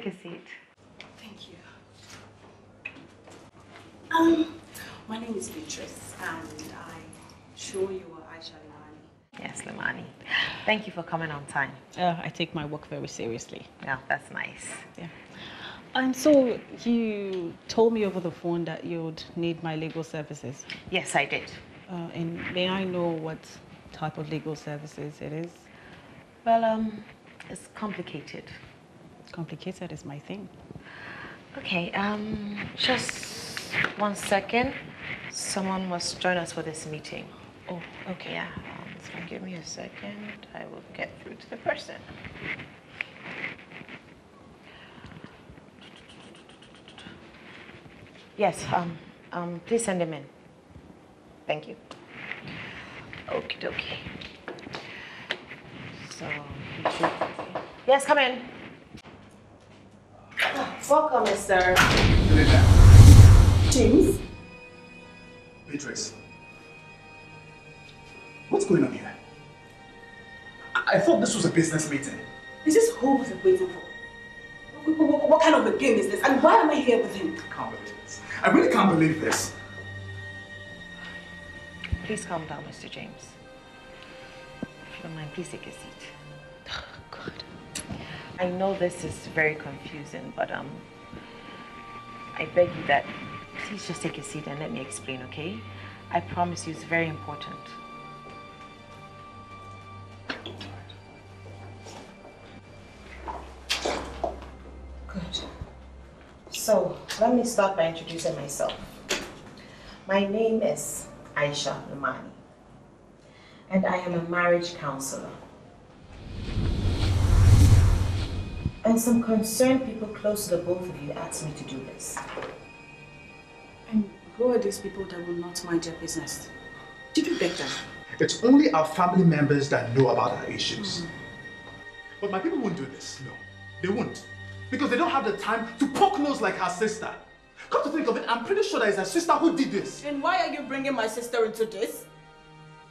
Take a seat. Thank you. Um, my name is Beatrice, and I'm sure you are Aisha Limani. Yes, Lamani. Thank you for coming on time. Uh, I take my work very seriously. Yeah, that's nice. Yeah. And um, so you told me over the phone that you'd need my legal services. Yes, I did. Uh, and may I know what type of legal services it is? Well, um, it's complicated. Complicated is my thing. Okay, um, just one second. Someone must join us for this meeting. Oh, okay. Yeah, um, so give me a second. I will get through to the person. Yes, um, um, please send him in. Thank you. Okie dokie. So, yes, come in. Welcome, Mr. James. Beatrice. What's going on here? I, thought this was a business meeting. This is who we're waiting for? What, what kind of a game is this? And why am I here with you? I can't believe this. I really can't believe this. Please calm down, Mr. James. If you don't mind, please take a seat. Oh, God. I know this is very confusing, but um, I beg you that please just take a seat and let me explain, okay? I promise you it's very important. Good. So, let me start by introducing myself. My name is Aisha Lumani, and I am a marriage counselor. And some concerned people close to the both of you asked me to do this. And who are these people that will not mind your business? Did you beg them? It's only our family members that know about our issues. Mm But my people won't do this, no. They won't. Because they don't have the time to poke nose like her sister. Come to think of it, I'm pretty sure that it's her sister who did this. Then why are you bringing my sister into this?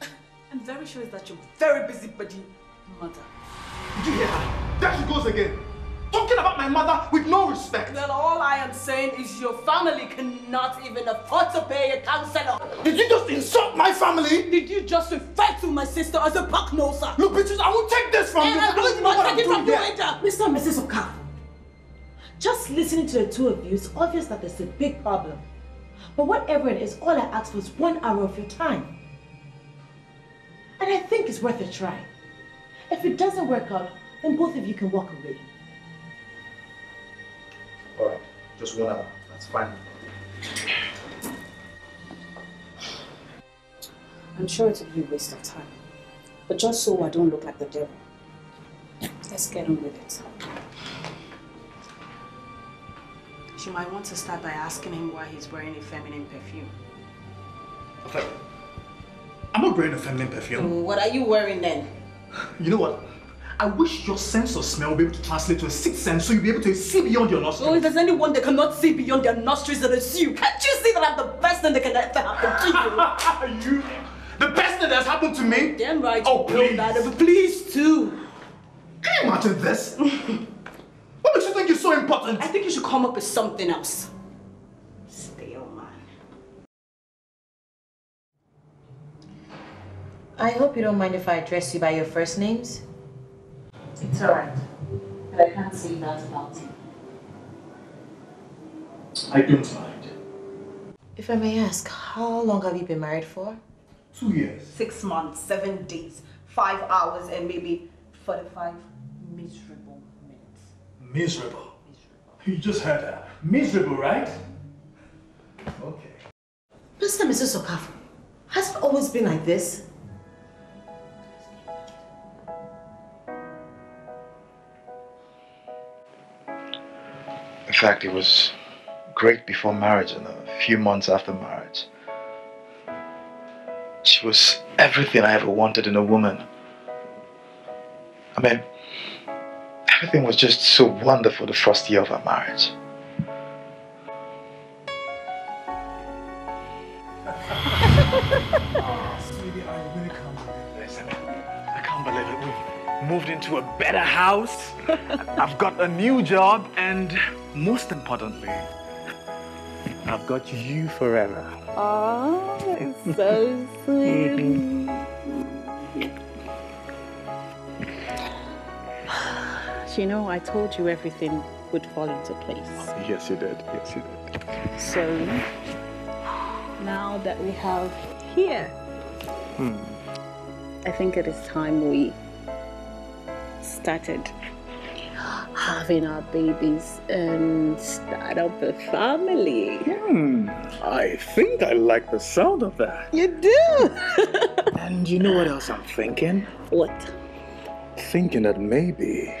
I'm very sure it's that you're very busy, buddy, mother. Did you hear her? There she goes again talking about my mother with no respect. Well, all I am saying is your family cannot even afford to pay a counselor. Did you just insult my family? Did you just refer to my sister as a bucknoser? Look, bitches, I will take this from and eh, you. I will not take it from you later, Mr. and Mrs. Okafor, just listening to the two of you, it's obvious that there's a big problem. But whatever it is, all I asked was one hour of your time. And I think it's worth a try. If it doesn't work out, then both of you can walk away. All right, just one hour. That's fine. I'm sure it'll be a waste of time. But just so I don't look like the devil, let's get on with it. She might want to start by asking him why he's wearing a feminine perfume. Okay. I'm not wearing a feminine perfume. what are you wearing then? You know what? I wish your sense of smell would be able to translate to a sixth sense so you'll be able to see beyond your nostrils. Oh, if there's anyone that cannot see beyond their nostrils, then it's you. Can't you see that I'm the best thing that can ever happen to you? you? The best thing that's happened to me? Damn right. Oh, please. That, please, too. Can you imagine this? what makes you think you're so important? I think you should come up with something else. I hope you don't mind if I address you by your first names all right, But I can't say that about you. I don't mind. If I may ask, how long have you been married for? Two years. Six months, seven days, five hours, and maybe 45 miserable minutes. Miserable? Miserable. You just heard that. Miserable, right? Okay. Mr. and Mrs. Okafu, has it always been like this? fact, it was great before marriage and a few months after marriage. She was everything I ever wanted in a woman. I mean, everything was just so wonderful the first year of our marriage. I can't believe it. We've moved into a better house. I've got a new job and most importantly, I've got you forever. Oh, it's so sweet. you know, I told you everything would fall into place. Yes, you did. Yes, you did. So, now that we have here, hmm. I think it is time we started having our babies and start up a family. Hmm, I think I like the sound of that. You do? and you know what else I'm thinking? What? Thinking that maybe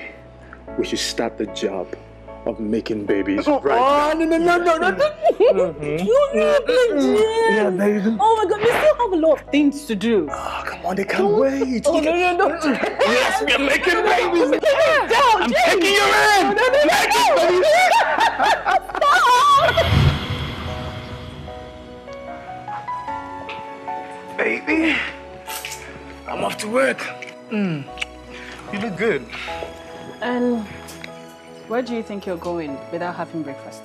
we should start the job of making babies oh, right oh, now. No, no, no, no, no. mm-hmm. You know, Yeah, baby. Oh my God, we still have a lot of things to do. Oh, come on, they can't do wait. Oh, no, no, no. yes, we're making babies. Yeah. Don't, I'm James. taking your hand. No, no, no, making no. babies. Stop. Baby, I'm off to work. Mm. You look good. And... Um, where do you think you're going without having breakfast?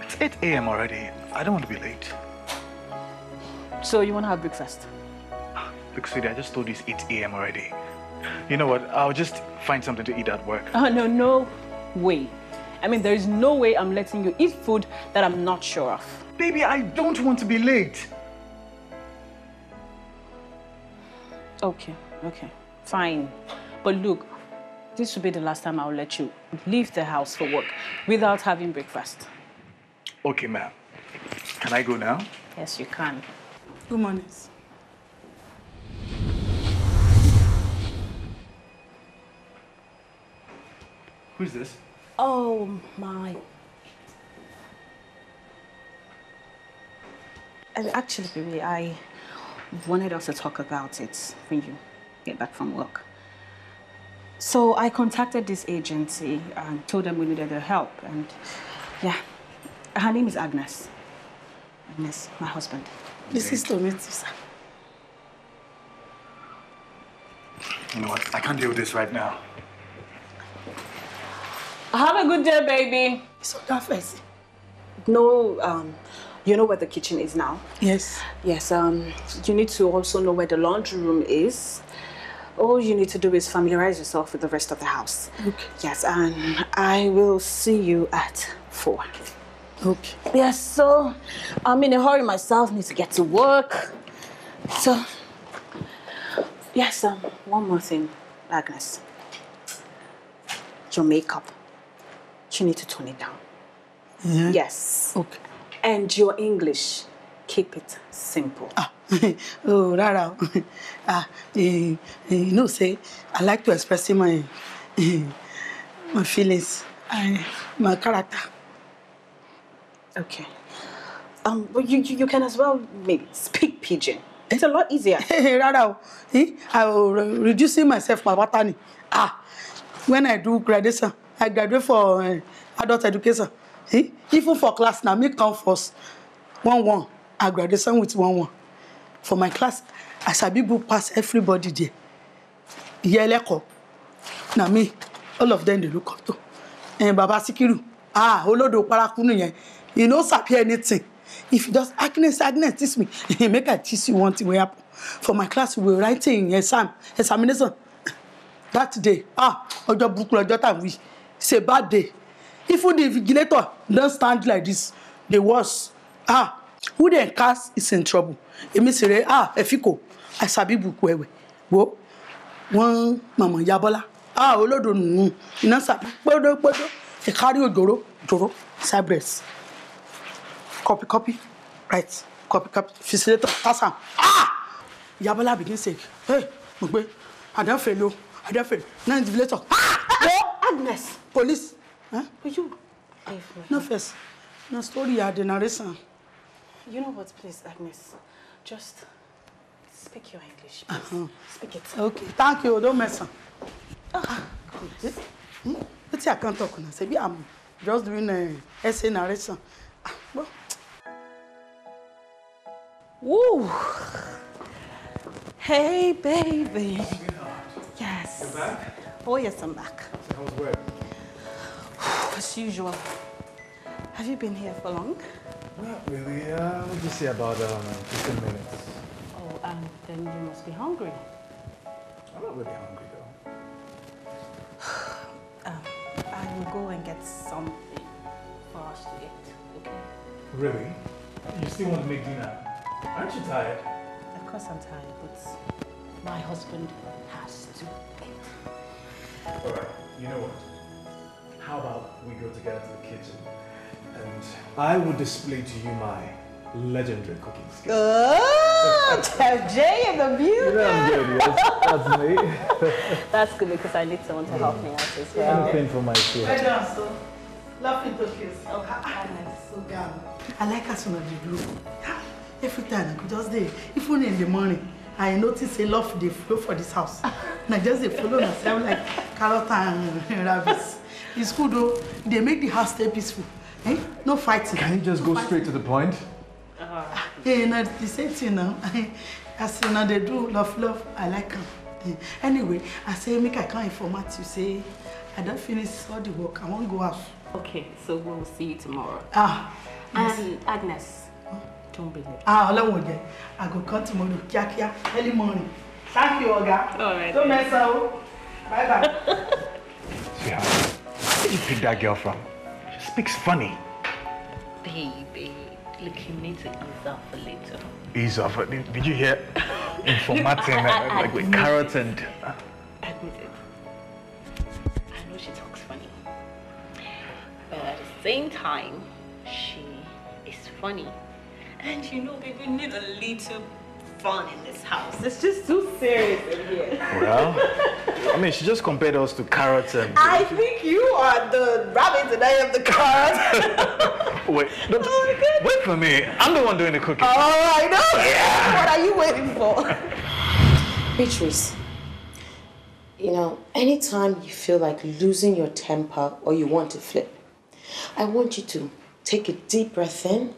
It's 8 a.m. already. I don't want to be late. So you want to have breakfast? Look, sweetie, I just told you it's 8 a.m. already. You know what? I'll just find something to eat at work. Oh, no, no way. I mean, there is no way I'm letting you eat food that I'm not sure of. Baby, I don't want to be late. Okay, okay, fine. But look, this will be the last time I'll let you leave the house for work without having breakfast. Okay, ma'am. Can I go now? Yes, you can. Good morning. Who's this? Oh, my. Actually, baby, I wanted us to talk about it when you get back from work. So I contacted this agency and told them we needed their help. And yeah, her name is Agnes. Agnes, my husband. This is Tomato, sir. You know what? I can't deal with this right now. Have a good day, baby. It's on that face. No, um, you know where the kitchen is now? Yes. Yes, um, you need to also know where the laundry room is all you need to do is familiarize yourself with the rest of the house. Okay. Yes, and I will see you at four. Okay. Yes, so I'm in a hurry myself, need to get to work. So, yes, um, one more thing, Agnes. Your makeup, you need to tone it down. Yes. Okay. And your English, keep it simple. Ah. oh rárá o ah eh, eh, you know say i like to express my my feelings and my character. okay um but you, you you can as well maybe speak pidgin. it's a lot easier. Eh, Rara, o i will reducing myself pàpàtà ni ah when i do graduation i graduate for uh, adult education eh? even for class na me come first one one i graduation with one one for my class I Asabi go pass everybody there ìyá ẹlẹ́kọ̀ọ́ na me all of them dey look up to um, baba Sikiru ah olódò paraku nìyẹn he no sabi anything if you just Agnes Agnes teach me He make I teach you one thing wey happen for my class we were writing exam examination that day ah ọjọ́ burúkú ọjọ́ tá à ń it's a bad day even the invigilator don stand like this the worst ah who dey cast is in trouble èmi sì rẹ ah ẹ̀fíkò àṣàbí bùkù ẹ̀wẹ̀ wo wọ́n mọ̀mọ́ ya bọ́lá ah olódò nùnú iná sàbí pẹ́ẹ́dọ́pẹ́ẹ́dọ́ ìkárí òjòrò òjòrò cypress copy copy right copy copy facilitator Tasa ah ya bọ́lá begin say hey mo gbé àdáfẹ́lẹ́ o àdáfẹ́lẹ́ náà ìdíbílétọ̀ ah wọ́n Agnes police. Huh? you No first. na story ya the narration. You know what, please, Agnes? Just speak your English, please. Uh -huh. Speak it. Okay, thank you. Don't mess up. Ah, good. let I can't talk now. Maybe I'm just doing a eh, essay narration. Ah, Woo! Hey, baby. Yes. You're back? Oh, yes, I'm back. So how's work? As usual. Have you been here for long? Not really. Uh, would you say about um, 15 minutes? Oh, um, then you must be hungry. I'm not really hungry, though. um, I will go and get something for us to eat, okay? Really? You still want to make dinner? Aren't you tired? Of course I'm tired, but my husband has to eat. All right, you know what? How about we go together to the kitchen and I will display to you my legendary cooking skills. Oh, Chef Jay and the beauty. good, yes. That's me. That's good because I need someone to help me out as well. Anything for my food. I know, so. Laughing cookies. Oh, I'm so down. I like us on the group. Ah, every time I could just day, even in the morning, I notice a love they flow for this house. and I just they follow myself like carrot and rabbits. It's good though, they make the house stay peaceful. Eh? No fighting. Can you just no go fighting. straight to the point? Uh, uh-huh. yeah, no, the same thing now. As you know, they do love, love. I like them. Yeah. Anyway, I say, make I can't informat you. Say, I don't finish all the work. I won't go out. Okay, so we'll see you tomorrow. Ah, yes. And Agnes, huh? don't be late. Ah, hello, Oje. I go come tomorrow, kíákíá, early morning. Thank you, Olga. All right. Don't mess up. Bye-bye. See how you pick that girl from? speaks funny. Baby, look, you need to ease off a little. Ease off? Did you hear? Informating, uh, like with carrots and... Uh, admit it. I know she talks funny. But at the same time, she is funny. And you know, baby, need a little fun in this house. It's just too serious in here. Well, I mean, she just compared us to carrots and. I think you are the rabbit and I am the carrot. wait, oh wait for me. I'm the one doing the cooking. Oh, I know. Yeah. What are you waiting for? Beatrice, you know, anytime you feel like losing your temper or you want to flip, I want you to take a deep breath in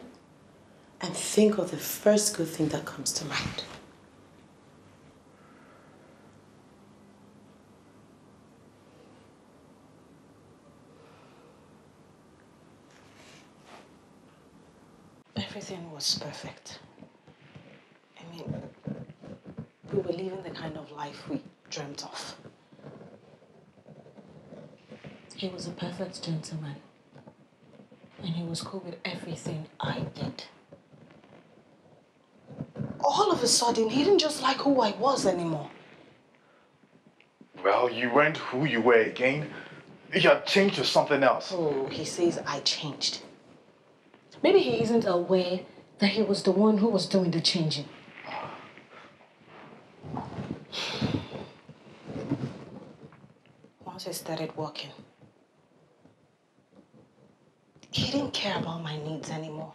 and think of the first good thing that comes to mind. Everything was perfect. I mean, we were living the kind of life we dreamt of. He was a perfect gentleman, and he was cool with everything I did a sudden, he didn't just like who I was anymore. Well, you weren't who you were again. You had changed to something else. Oh, he says I changed. Maybe he isn't aware that he was the one who was doing the changing. Once I started working, he didn't care about my needs anymore.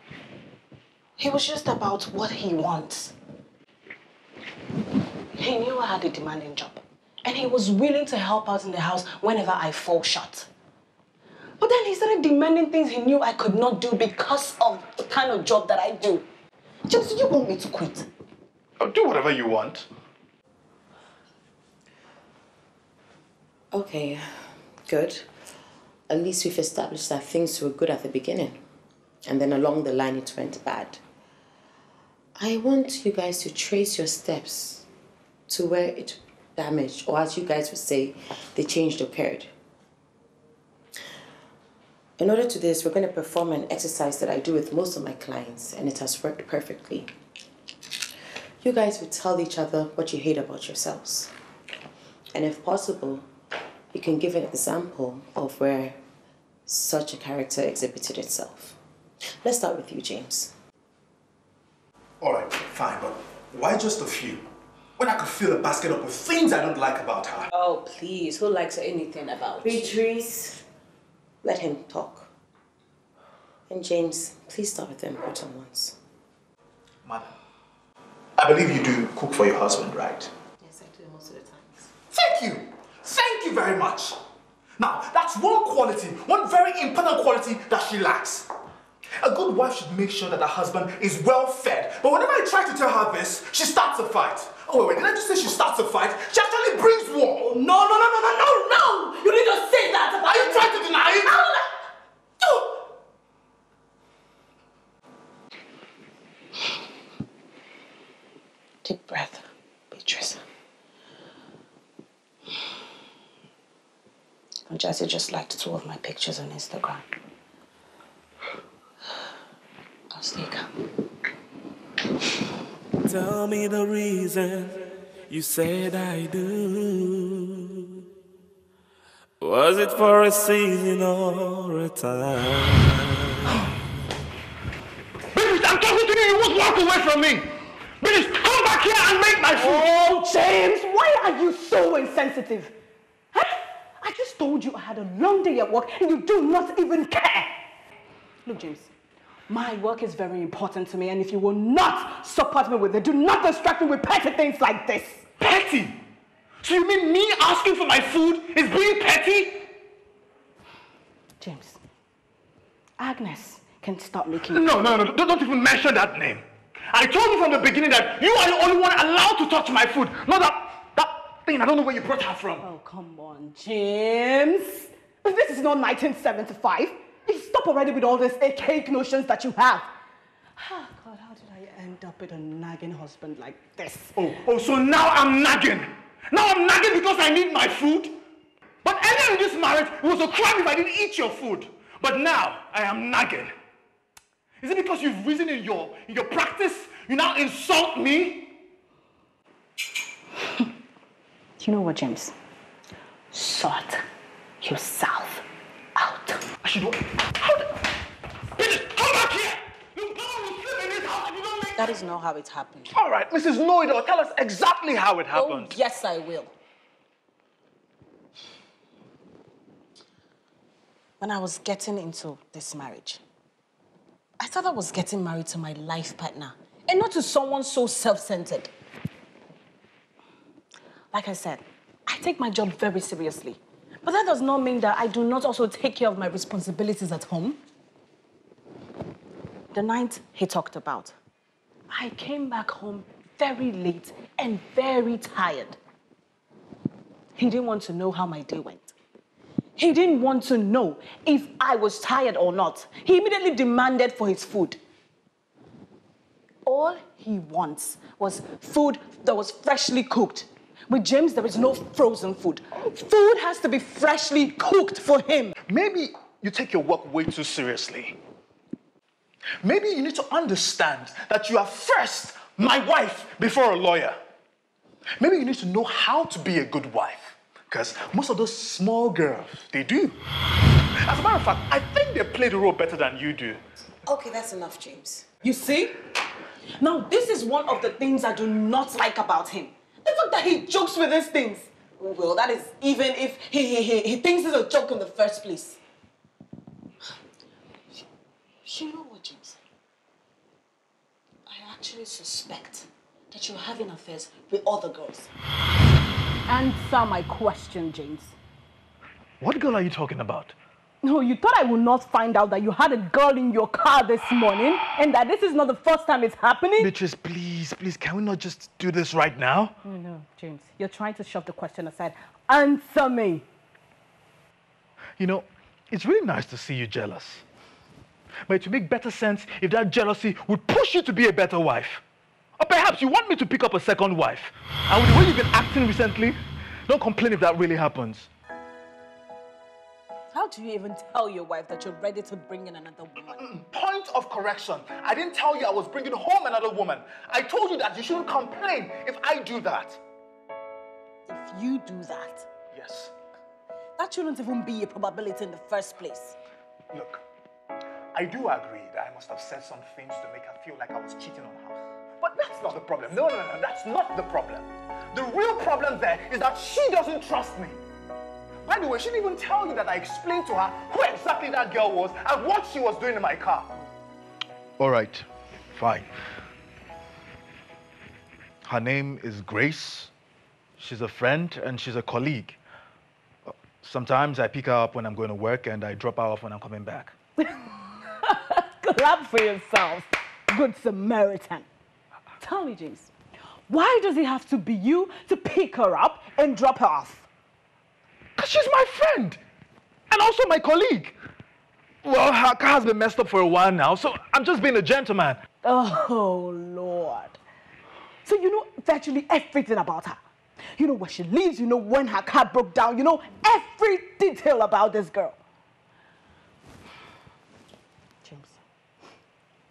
He was just about what he wants. He knew I had a demanding job, and he was willing to help out in the house whenever I fall short. But then he started demanding things he knew I could not do because of the kind of job that I do. James, do you want me to quit? I'll do whatever you want. Okay, good. At least we've established that things were good at the beginning. And then along the line, it went bad. I want you guys to trace your steps to where it damaged, or as you guys would say, the change occurred. In order to this, we're going to perform an exercise that I do with most of my clients, and it has worked perfectly. You guys would tell each other what you hate about yourselves. And if possible, you can give an example of where such a character exhibited itself. Let's start with you, James. All right, fine, but why just a few? When I could fill a basket up with things I don't like about her. Oh, please, who likes anything about? Beatrice. Let him talk. And James, please stop with the important ones. Madam, I believe you do cook for your husband, right? Yes, I do most of the times. Thank you! Thank you very much! Now, that's one quality, one very important quality that she lacks. A good wife should make sure that her husband is well fed. But whenever I try to tell her this, she starts a fight. Oh, wait, wait, did I just say she starts a fight? She actually brings war. Oh, no, no, no, no, no, no, no! You need to say that Are you trying to deny it? I'll... Oh. Deep breath, Beatrice. Jesse just liked two of my pictures on Instagram. Tell me the reason you said I do. Was it for a season or a time? Billy, I'm talking to you. You won't walk away from me. Billy, come back here and make my food. Oh, James, why are you so insensitive? Huh? I just told you I had a long day at work and you do not even care. Look, James my work is very important to me, and if you will not support me with it, do not distract me with petty things like this. Petty? So you mean me asking for my food is being petty? James, Agnes can stop making. No, no, no, no, don't even mention that name. I told you from the beginning that you are the only one allowed to touch my food, not that, that thing. I don't know where you brought her from. Oh, come on, James. This is not 1975. Stop already with all these archaic notions that you have. Oh God, how did I end up with a nagging husband like this? Oh, oh, so now I'm nagging. Now I'm nagging because I need my food. But earlier in this marriage, it was a crime if I didn't eat your food. But now I am nagging. Is it because you've risen in your, in your practice? You now insult me? you know what, James? Sort yourself out. I should what? here! That is not how it happened. All right, Mrs. Noidor, tell us exactly how it oh, happened. Oh, yes, I will. When I was getting into this marriage, I thought I was getting married to my life partner and not to someone so self-centered. Like I said, I take my job very seriously. But that does not mean that I do not also take care of my responsibilities at home. The night he talked about, I came back home very late and very tired. He didn't want to know how my day went. He didn't want to know if I was tired or not. He immediately demanded for his food. All he wants was food that was freshly cooked with James, there is no frozen food. Food has to be freshly cooked for him. Maybe you take your work way too seriously. Maybe you need to understand that you are first my wife before a lawyer. Maybe you need to know how to be a good wife. Because most of those small girls, they do. As a matter of fact, I think they play the role better than you do. Okay, that's enough, James. You see? Now, this is one of the things I do not like about him. The fact that he jokes with these things. Oh, well, that is even if he, he, he, he thinks it's a joke in the first place. You know what, James? I actually suspect that you're having affairs with other girls. Answer my question, James. What girl are you talking about? No, you thought I would not find out that you had a girl in your car this morning and that this is not the first time it's happening? Beatrice, please, please, can we not just do this right now? No, no, James, you're trying to shove the question aside. Answer me. You know, it's really nice to see you jealous. But it would make better sense if that jealousy would push you to be a better wife. Or perhaps you want me to pick up a second wife. And with the way you've been acting recently, don't complain if that really happens. How do you even tell your wife that you're ready to bring in another woman? Mm, mm, point of correction. I didn't tell you I was bringing home another woman. I told you that you shouldn't complain if I do that. If you do that? Yes. That shouldn't even be a probability in the first place. Look, I do agree that I must have said some things to make her feel like I was cheating on her. But that's not the problem. No, no, no, that's not the problem. The real problem there is that she doesn't trust me. By the way, she didn't even tell you that I explained to her who exactly that girl was and what she was doing in my car. All right, fine. Her name is Grace. She's a friend and she's a colleague. Sometimes I pick her up when I'm going to work and I drop her off when I'm coming back. Clap for yourself, good Samaritan. Tell me, James, why does it have to be you to pick her up and drop her off? Because she's my friend and also my colleague. Well, her car has been messed up for a while now, so I'm just being a gentleman. Oh, Lord. So you know virtually everything about her. You know where she lives, you know when her car broke down, you know every detail about this girl. James,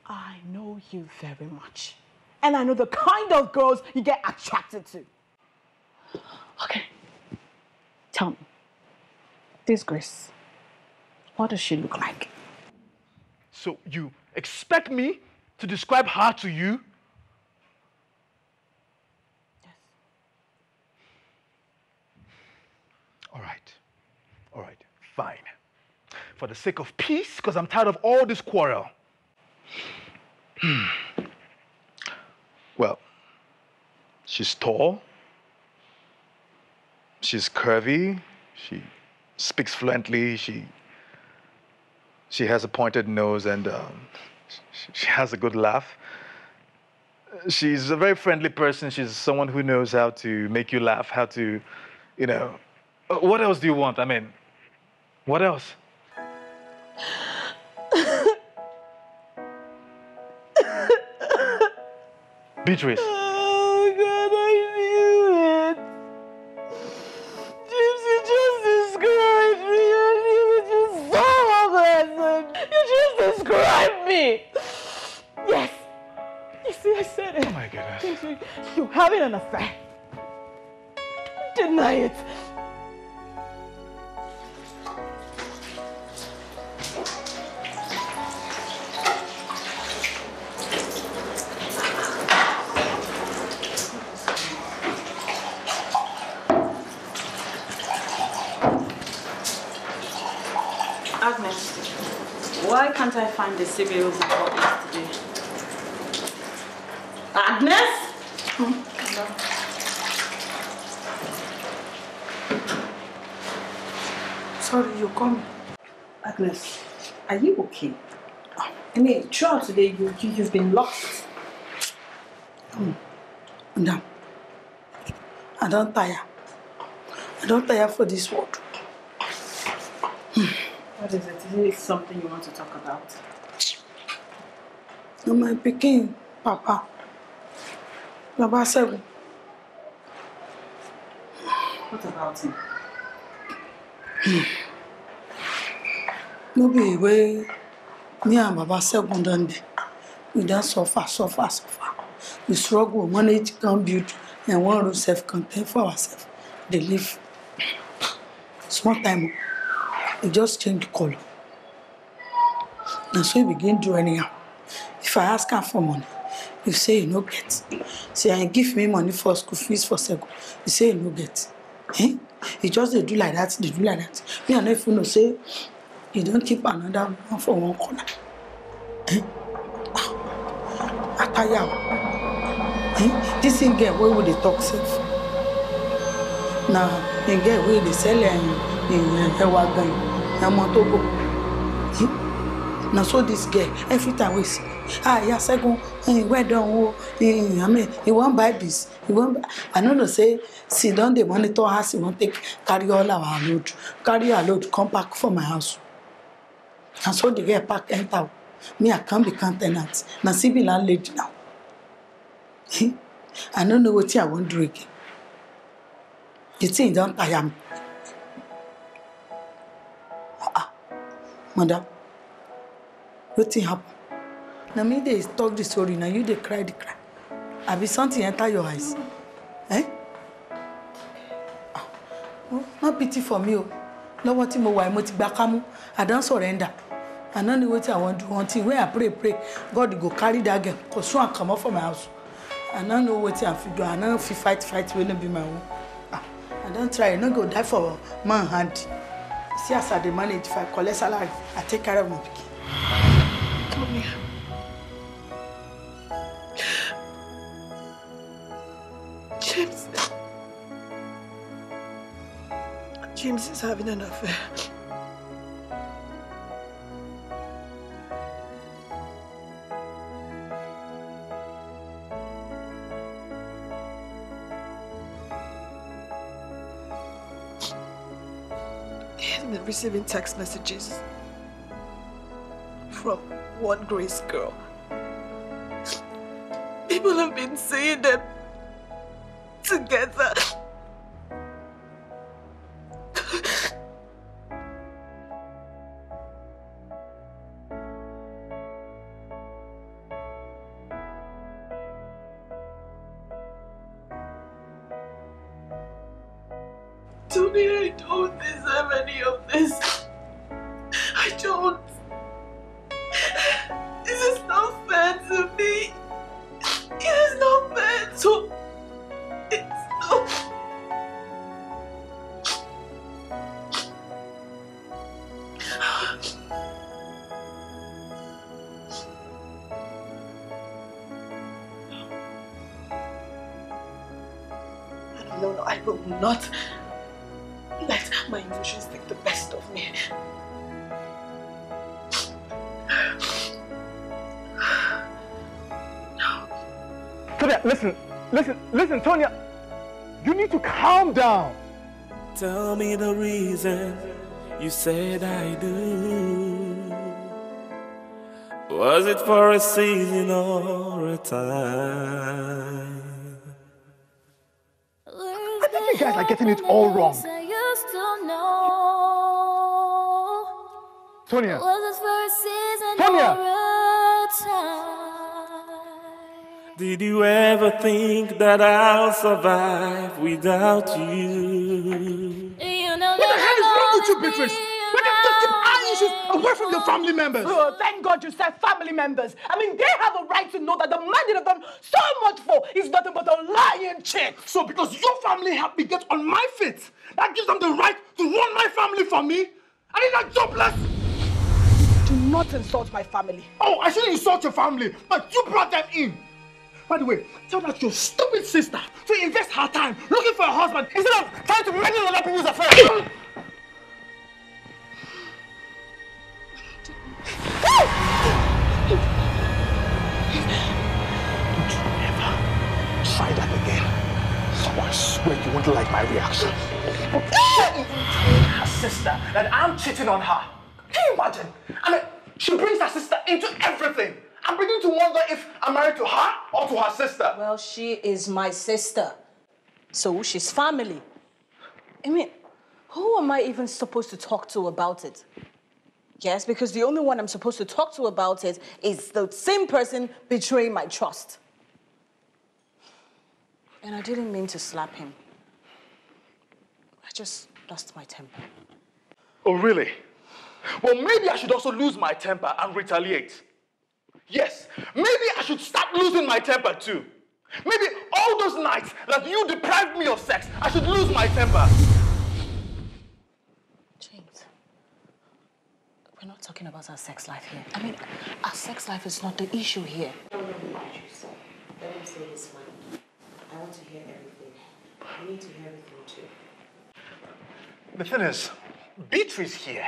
I know you very much. And I know the kind of girls you get attracted to. Okay, tell me, this Grace, what does she look like? So you expect me to describe her to you? Yes. All right. All right. Fine. For the sake of peace, because I'm tired of all this quarrel. well, she's tall. She's curvy. She speaks fluently. She she has a pointed nose and um, she has a good laugh. She's a very friendly person. She's someone who knows how to make you laugh, how to, you know, uh, what else do you want? I mean, what else? Beatrice. in a fact. Deny it. Agnes, why can't I find the civil sure today you, you you've been lost. Mm. Madam, I don't tire. I don't tire for this world. Hmm. What is it? Is it something you want to talk about? No, my picking, Papa. Baba Seven. What about him? Hmm. No be way. Me and Baba second don dey. We don suffer, suffer, suffer. We struggle, manage, can build, and one room self contain for ourselves. They live. Small time, it just change the color. And so he begin do anyhow. If I ask am for money, you say you no get. Say I give me money for school fees for Segun, you say you no get. Eh? He just dey do like that, dey do like that. Me, I no even know say You don't keep another one for one corner. Eh? Ah, Ataya. Eh? This thing get where would they talk safe? Now, they get where they sell and they were going. Now, Motogo. Eh? eh, eh Now, eh? so this girl, every time we see, ah, yeah, second, eh, where don't go, eh, I mean, he won't buy this. He won't buy. I know they say, sit down, they to us, he won't take, carry all our load, carry our load, come back for my house. And so the girl pack enter. Me, I can't become tenant. Now, see, me landlady now. I don't know what I won't do again. The thing don't tire me. Ah, madam, What happened? Now me they talk the story, Now you they cry the cry. I be something enter your eyes? Eh? Ah, oh, no pity for me Oh lọ́wọ́ tí mo wà mo ti gba kámú I don surrender I no know wetin I wan do until when I pray pray God go carry that girl Cause soon I comot for my house I no know wetin I fit do I no fit fight fight wey no be my own ah I don try I no go die for man hand see as I dey manage if I collect salary I take care of my pikin. James is having an affair. He's been receiving text messages from one Grace girl. People have been seeing them together. not, let my emotions take the best of me. Tonya, listen, listen, listen, Tonya. You need to calm down. Tell me the reason you said I do. Was it for a season or a time? guys are getting it all wrong. Tonya. Tonya. Did you ever think that I'll survive without you? you know what the hell is wrong with you, Beatrice? But you issues away from your family members. Oh, thank God you said family members. I mean, they have a right to know that the man they have done so much for is nothing but a lying cheat. So because your family helped me get on my feet, that gives them the right to run my family for me? I mean, that jobless. Do not insult my family. Oh, I shouldn't insult your family, but you brought them in. By the way, tell that your stupid sister to invest her time looking for a husband instead of trying to meddle in other people's affairs. Don't you ever try that again. I swear you won't like my reaction. her sister that I'm cheating on her. Can you imagine? I mean, she brings her sister into everything. I'm beginning to wonder if I'm married to her or to her sister. Well, she is my sister. So she's family. I mean, who am I even supposed to talk to about it? Yes, because the only one I'm supposed to talk to about it is the same person betraying my trust. And I didn't mean to slap him. I just lost my temper. Oh, really? Well, maybe I should also lose my temper and retaliate. Yes, maybe I should start losing my temper too. Maybe all those nights that you deprived me of sex, I should lose my temper. We're not talking about our sex life here. I mean, our sex life is not the issue here. No, no, no, Let him say his mind. I want to hear everything. You need to hear everything too. The thing is, Beatrice here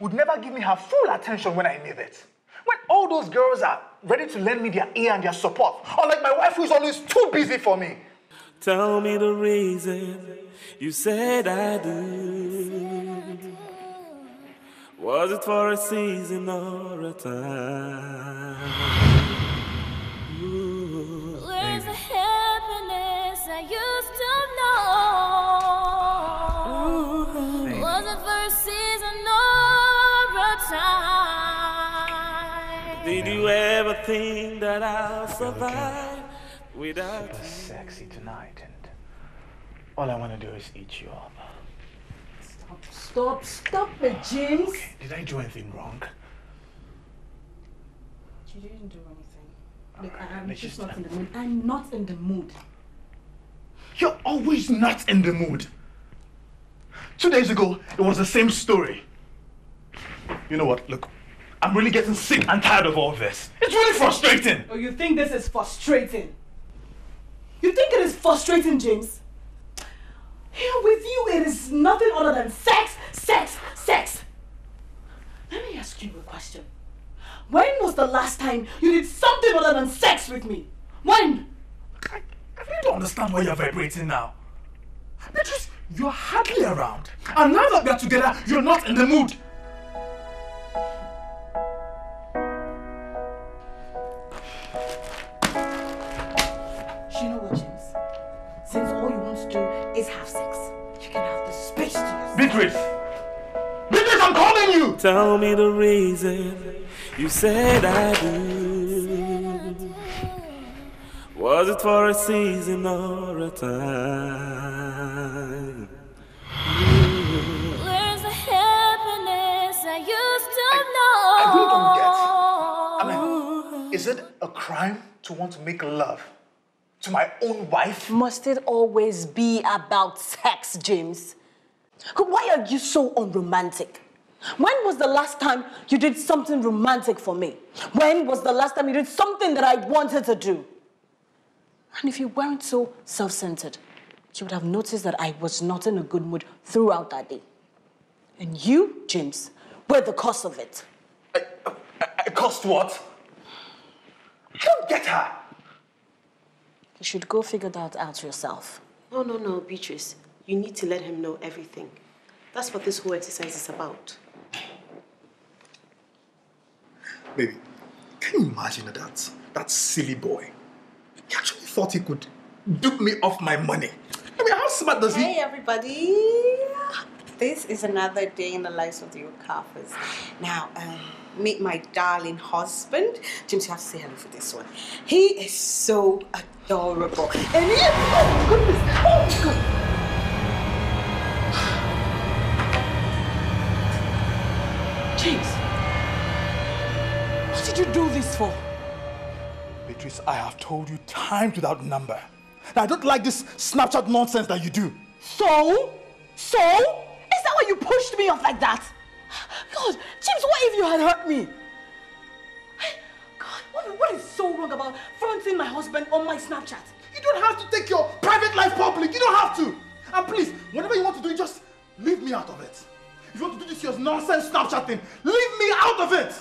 would never give me her full attention when I need it. When all those girls are ready to lend me their ear and their support, unlike my wife who's always too busy for me. Tell me the reason you said I do. Was it for a season or a time? Where's the happiness I used to know? Was it for a season or a time? Did you ever think that I'll survive without you? sexy tonight, and all I want to do is eat you up. Stop, stop it, James. Okay. Did I do anything wrong? You didn't do anything. Look, right, I, am just, just not in the mood. I'm not in the mood. You're always not in the mood. Two days ago, it was the same story. You know what? Look, I'm really getting sick and tired of all this. It's really frustrating. Oh, you think this is frustrating? You think it is frustrating, James? Here with you, it is nothing other than sex, sex, sex. Let me ask you a question. When was the last time you did something other than sex with me? When? I, I really don't understand why you're vibrating now. Beatrice, you're hardly around. And now that we're together, you're not in the mood. secrets. Beatrice, I'm calling you. Tell me the reason you said I do. Was it for a season or a time? Where's the happiness I used to I, know? I really don't get. I mean, is it a crime to want to make love? to my own wife? Must it always be about sex, James? Why are you so unromantic? When was the last time you did something romantic for me? When was the last time you did something that I wanted to do? And if you weren't so self centered, you would have noticed that I was not in a good mood throughout that day. And you, James, were the cause of it. I, I, I cost what? I don't get her. You should go figure that out yourself. No, no, no, Beatrice. You need to let him know everything. That's what this whole exercise is about. Baby, can you imagine that? That silly boy. He actually thought he could dupe me off my money. I mean, how smart does hey, he... Hey, everybody. This is another day in the lives of the Okafas. Now, um, meet my darling husband. James, you have to say hello for this one. He is so adorable. And he... Oh, goodness. Oh, for? Beatrice, I have told you times without number. Now, I don't like this Snapchat nonsense that you do. So? So? Is that why you pushed me off like that? God, James, what if you had hurt me? God, what, what is so wrong about fronting my husband on my Snapchat? You don't have to take your private life public. You don't have to. And please, whatever you want to do, just leave me out of it. If you want to do this your nonsense Snapchat thing, leave me out of it.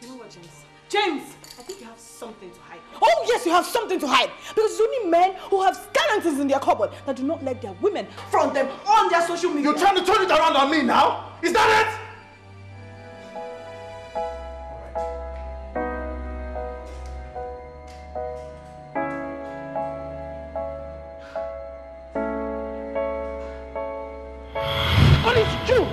You know what, James? James, I think you have something to hide. Oh, yes, you have something to hide. Because it's only men who have skeletons in their cupboard that do not let their women front them on their social media. You're trying to turn it around on me now? Is that it? But it's true.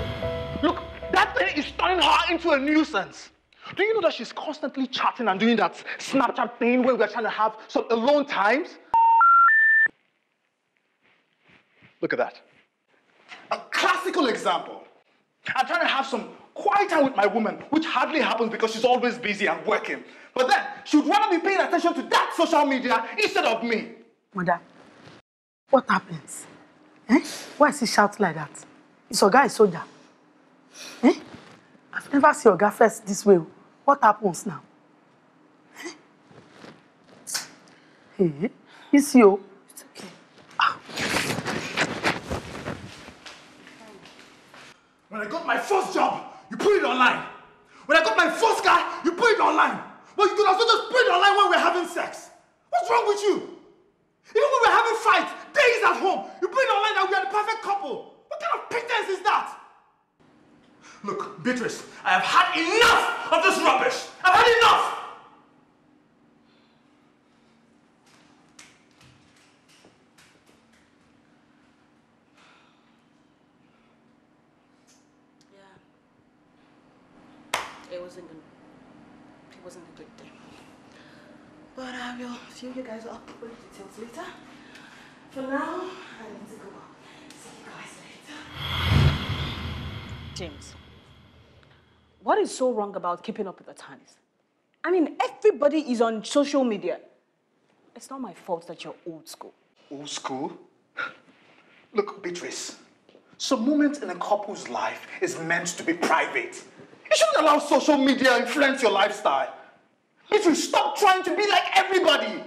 Look, that thing is turning her into a nuisance. Do you know that she's constantly chatting and doing that Snapchat thing where we're trying to have some alone times? Look at that. A classical example. I'm trying to have some quiet time with my woman, which hardly happens because she's always busy and working. But then, she would rather be paying attention to that social media instead of me. Mother, what happens? Eh? Why is he shouting like that? Is guy a soldier? Eh? I've never seen guy first this way. What happens now? Hey, it's you. It's okay. Ah. When I got my first job, you put it online. When I got my first guy, you put it online. But you could also just put it online when we're having sex. What's wrong with you? Even when we're having fights, days at home, you put it online that we are the perfect couple. What kind of pretense is that? Beatrice, I have had enough of this rubbish. I've had enough. Yeah. It wasn't good. It wasn't a good day. But I will fill you guys up with details later. For now, what is so wrong about keeping up with the times? I mean, everybody is on social media. It's not my fault that you're old school. Old school? Look, Beatrice, some moment in a couple's life is meant to be private. You shouldn't allow social media influence your lifestyle. Beatrice, stop trying to be like everybody.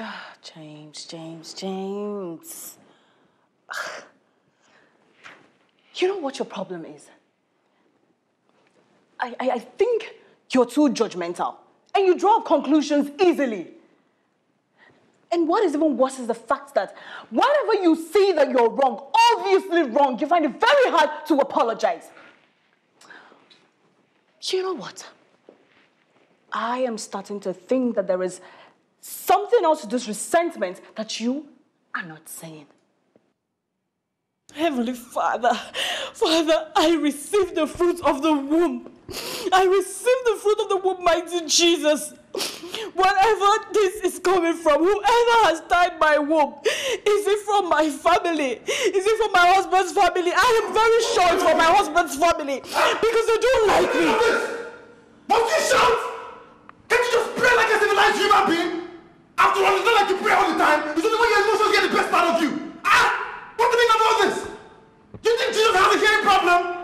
Ah, James, James, James. You know what your problem is? I, I, I think you're too judgmental and you draw conclusions easily. And what is even worse is the fact that whenever you see that you're wrong, obviously wrong, you find it very hard to apologize. You know what? I am starting to think that there is something else to this resentment that you are not saying. Heavenly Father, Father, I received the fruit of the womb. I receive the fruit of the womb, mighty Jesus. Whatever this is coming from, whoever has tied my womb, is it from my family? Is it from my husband's family? I am very sure it's from my husband's family because they don't like me. Don't you shout? Can't you just pray like a civilized human being? After all, it's not like you pray all the time. It's only when your emotions get the best out of you. Ah! What do you mean of all this? Do You think Jesus has a hearing problem?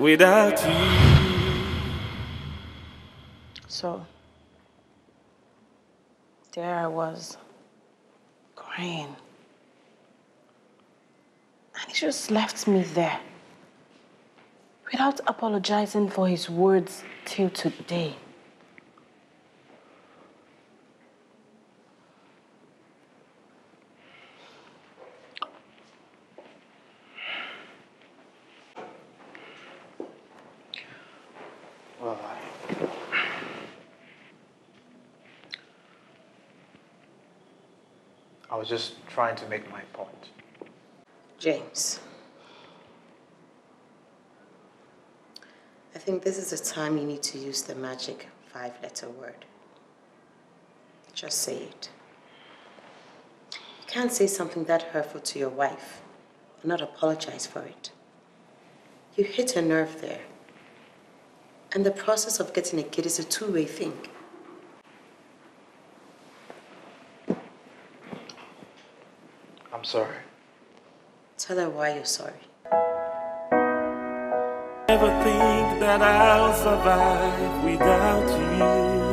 without you. So, there I was, crying. And he just left me there without apologizing for his words till today. just trying to make my point. James. I think this is the time you need to use the magic five-letter word. Just say it. You can't say something that hurtful to your wife and not apologize for it. You hit a nerve there. And the process of getting a kid is a two-way thing. sorry. Tell her why you're sorry. Never think that I'll survive without you.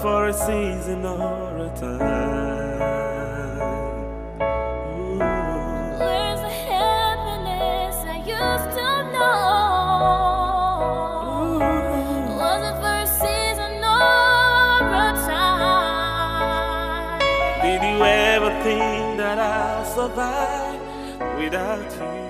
for a season or a time. Where's the happiness I used to know? was for a season or a time. Did you ever think that I'll survive without you?